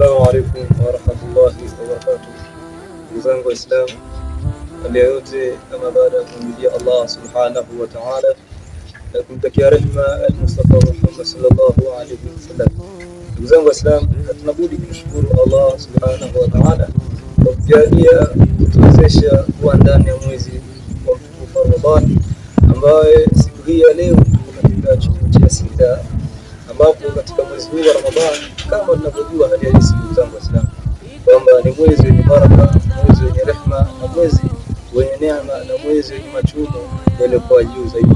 السلام عليكم ورحمة الله وبركاته وزنغو إسلام اليوتي أما بعد أن الله سبحانه وتعالى لكم تكيار الماء المصطفى محمد صلى الله عليه وسلم وزنغو إسلام أتنبولي نشكر الله سبحانه وتعالى وبيانية وتوزيشة وعندان يا مويزي وفي رمضان أما سيكوهي عليهم وكتبات شبوتي أسيدة ambapo katika mwezi huu wa Ramadhani kama tunavyojua hali ya mwezi wenye baraka, mwezi wenye rehema, na mwezi wenye neema, na mwezi wenye machumo yaliyokuwa juu zaidi.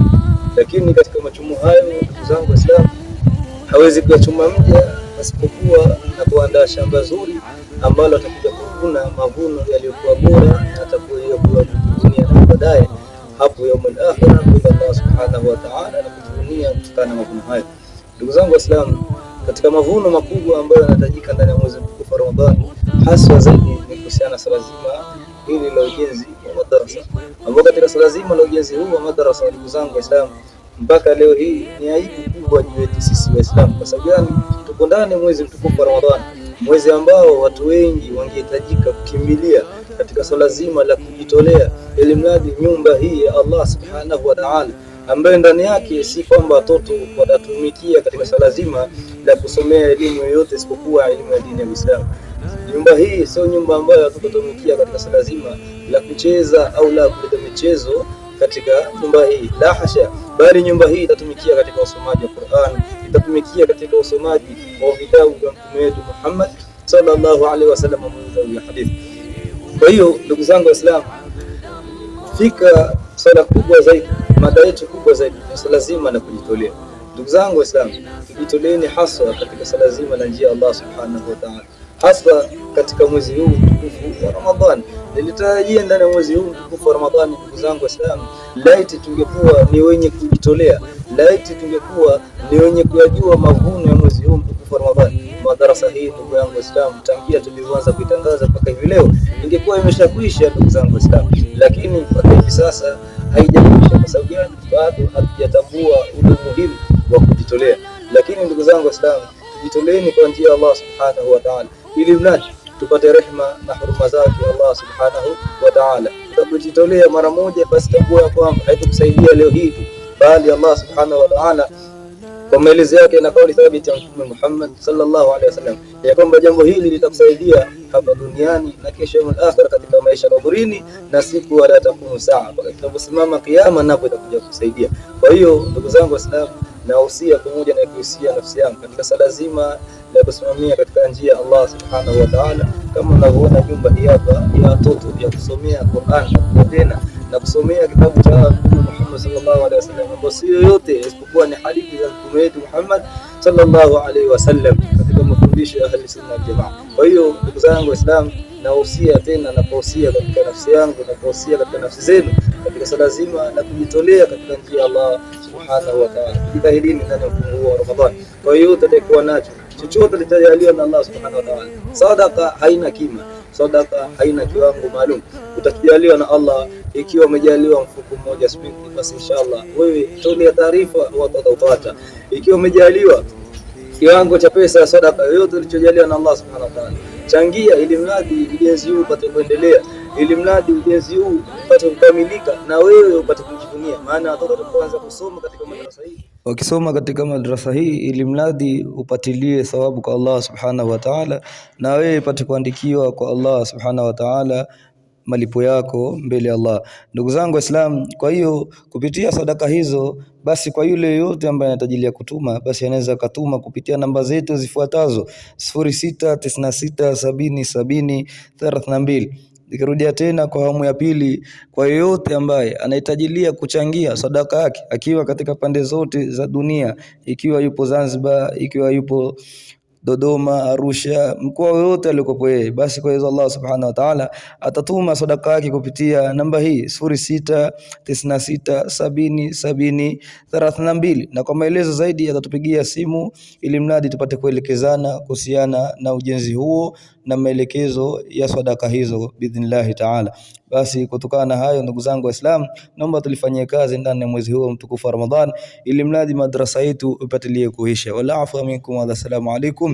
Lakini katika machumo hayo, ndugu zangu Waislamu, hawezi kuyachuma mja asipokuwa na kuandaa shamba zuri ambalo atakuja kuvuna mavuno yaliyokuwa bora dunia na baadaye hapo yaumul akhira kwa Allah subhanahu wa ta'ala, na kutunia kutokana na mavuno hayo. Ndugu zangu Waislamu, katika mavuno makubwa ambayo yanahitajika ndani ya mwezi kwa Ramadhani haswa zaidi ni kuhusiana na swala zima hili la ujenzi wa madarasa, ambapo katika swala zima la ujenzi huu wa madarasa, ndugu zangu Waislamu, mpaka leo hii ni aibu kubwa juu yetu sisi Waislamu. Kwa sababu gani? Tuko ndani mwezi mtukufu wa Ramadhani, mwezi ambao watu wengi wangehitajika kukimbilia katika swala zima la kujitolea, ili mradi nyumba hii ya Allah subhanahu wa ta'ala ambayo ndani yake si kwamba watoto watatumikia katika swala zima la kusomea elimu yoyote isipokuwa elimu ya dini ya Uislamu. Nyumba hii sio nyumba ambayo watoto hatutatumikia katika swala zima la kucheza au la kuleta michezo katika nyumba hii, la hasha, bali nyumba hii itatumikia katika usomaji wa Qur'an, itatumikia katika usomaji wa vitabu vya mtume wetu Muhammad sallallahu alaihi wasallam wa hadith. Kwa hiyo ndugu zangu Waislamu, fika swala kubwa zaidi mada yetu kubwa zaidi ni swala zima na kujitolea. Ndugu zangu Waislamu, tujitoleeni haswa katika swala zima na njia Allah subhanahu wa ta'ala, haswa katika mwezi huu mtukufu wa Ramadhani. Nilitarajia ndani ya mwezi huu mtukufu wa Ramadhani, ndugu zangu Waislamu, laiti tungekuwa ni wenye kujitolea, laiti tungekuwa ni wenye kuyajua mavuno ya mwezi huu mtukufu wa Ramadhani kwa madarasa hii, ndugu yangu Waislamu, tangia tulivyoanza kuitangaza mpaka hivi leo ingekuwa imeshakwisha ndugu zangu Waislamu, lakini mpaka hivi sasa haijakwisha. Kwa sababu gani? Bado hatujatambua ule muhimu wa kujitolea. Lakini ndugu zangu Waislamu, tujitoleeni kwa njia ya Allah subhanahu wa ta'ala, ili mradi tupate rehma na huruma zake Allah subhanahu wa ta'ala. Utakujitolea mara moja, basi tambua kwamba haitakusaidia leo hii tu, bali Allah subhanahu wa ta'ala kwa maelezo yake na kauli thabiti ya Mtume Muhammad sallallahu alaihi wasallam ya kwamba jambo hili litakusaidia hapa duniani na kesho ya akhera, katika maisha kaburini na siku wala takumu saa, kitabu simama kiyama, napo itakuja kusaidia Kwa hiyo ndugu zangu Waislamu na usia pamoja na kuhusia nafsi yangu katika sala zima la kusimamia katika njia ya Allah subhanahu wa ta'ala. Kama unavyoona nyumba hii hapa ya watoto ya kusomea Qur'an tena na kusomea kitabu cha Muhammad sallallahu alaihi wasallam, ambao si yoyote isipokuwa ni hadithi za mtume wetu Muhammad sallallahu alaihi wasallam katika mafundisho ya ahli Sunna Jamaa. Kwa hiyo ndugu zangu Waislamu, nausia tena na pausia katika nafsi yangu na pausia katika nafsi zenu katika sala zima na kujitolea katika njia ya Allah hasa huwa tayari tujitahidini ndani ya mfungo wa Ramadhani. Kwa hiyo tutakuwa nacho chochote litajaliwa na Allah subhanahu wa ta'ala. Sadaka haina kima, sadaka haina kiwango maalum, utajaliwa na Allah. Ikiwa umejaliwa mfuko mmoja spiki, basi inshallah wewe tulia taarifa watatapata. Ikiwa umejaliwa kiwango cha pesa ya sadaka yoyote ulichojaliwa na Allah subhanahu wa ta'ala, changia ili mradi ujenzi huu upate kuendelea, ili mradi ujenzi huu upate kukamilika na wewe upate maana watoto tunaanza kusoma katika madrasa hii, wakisoma katika madrasa hii, ili mradi upatilie thawabu kwa Allah subhanahu wa ta'ala, na wewe ipate kuandikiwa kwa Allah subhanahu wa ta'ala malipo yako mbele ya Allah. Ndugu zangu Waislamu, kwa hiyo kupitia sadaka hizo, basi kwa yule yote ambaye anatajilia kutuma, basi anaweza katuma kupitia namba zetu zifuatazo: sifuri sita tisini sita sabini sabini mbili. Nikirudia tena kwa awamu ya pili, kwa yeyote ambaye anahitajilia kuchangia sadaka yake akiwa katika pande zote za dunia, ikiwa yupo Zanzibar, ikiwa yupo Dodoma, Arusha, mkoa wote alikopo yeye, basi kwa hizo Allah subhanahu wa ta'ala atatuma sadaka yake kupitia namba hii sufuri sita tisini na sita sabini sabini thelathini na mbili na kwa maelezo zaidi atatupigia simu ili mradi tupate kuelekezana kuhusiana na ujenzi huo na maelekezo ya sadaka hizo bidhnillahi ta'ala. Basi kutokana na hayo, ndugu zangu Waislam, naomba tulifanyie kazi ndani ya mwezi huu mtukufu wa Ramadhan, ili mradi madrasa yetu ipatilie kuisha. Wala afu minkum, wa wassalamu alaikum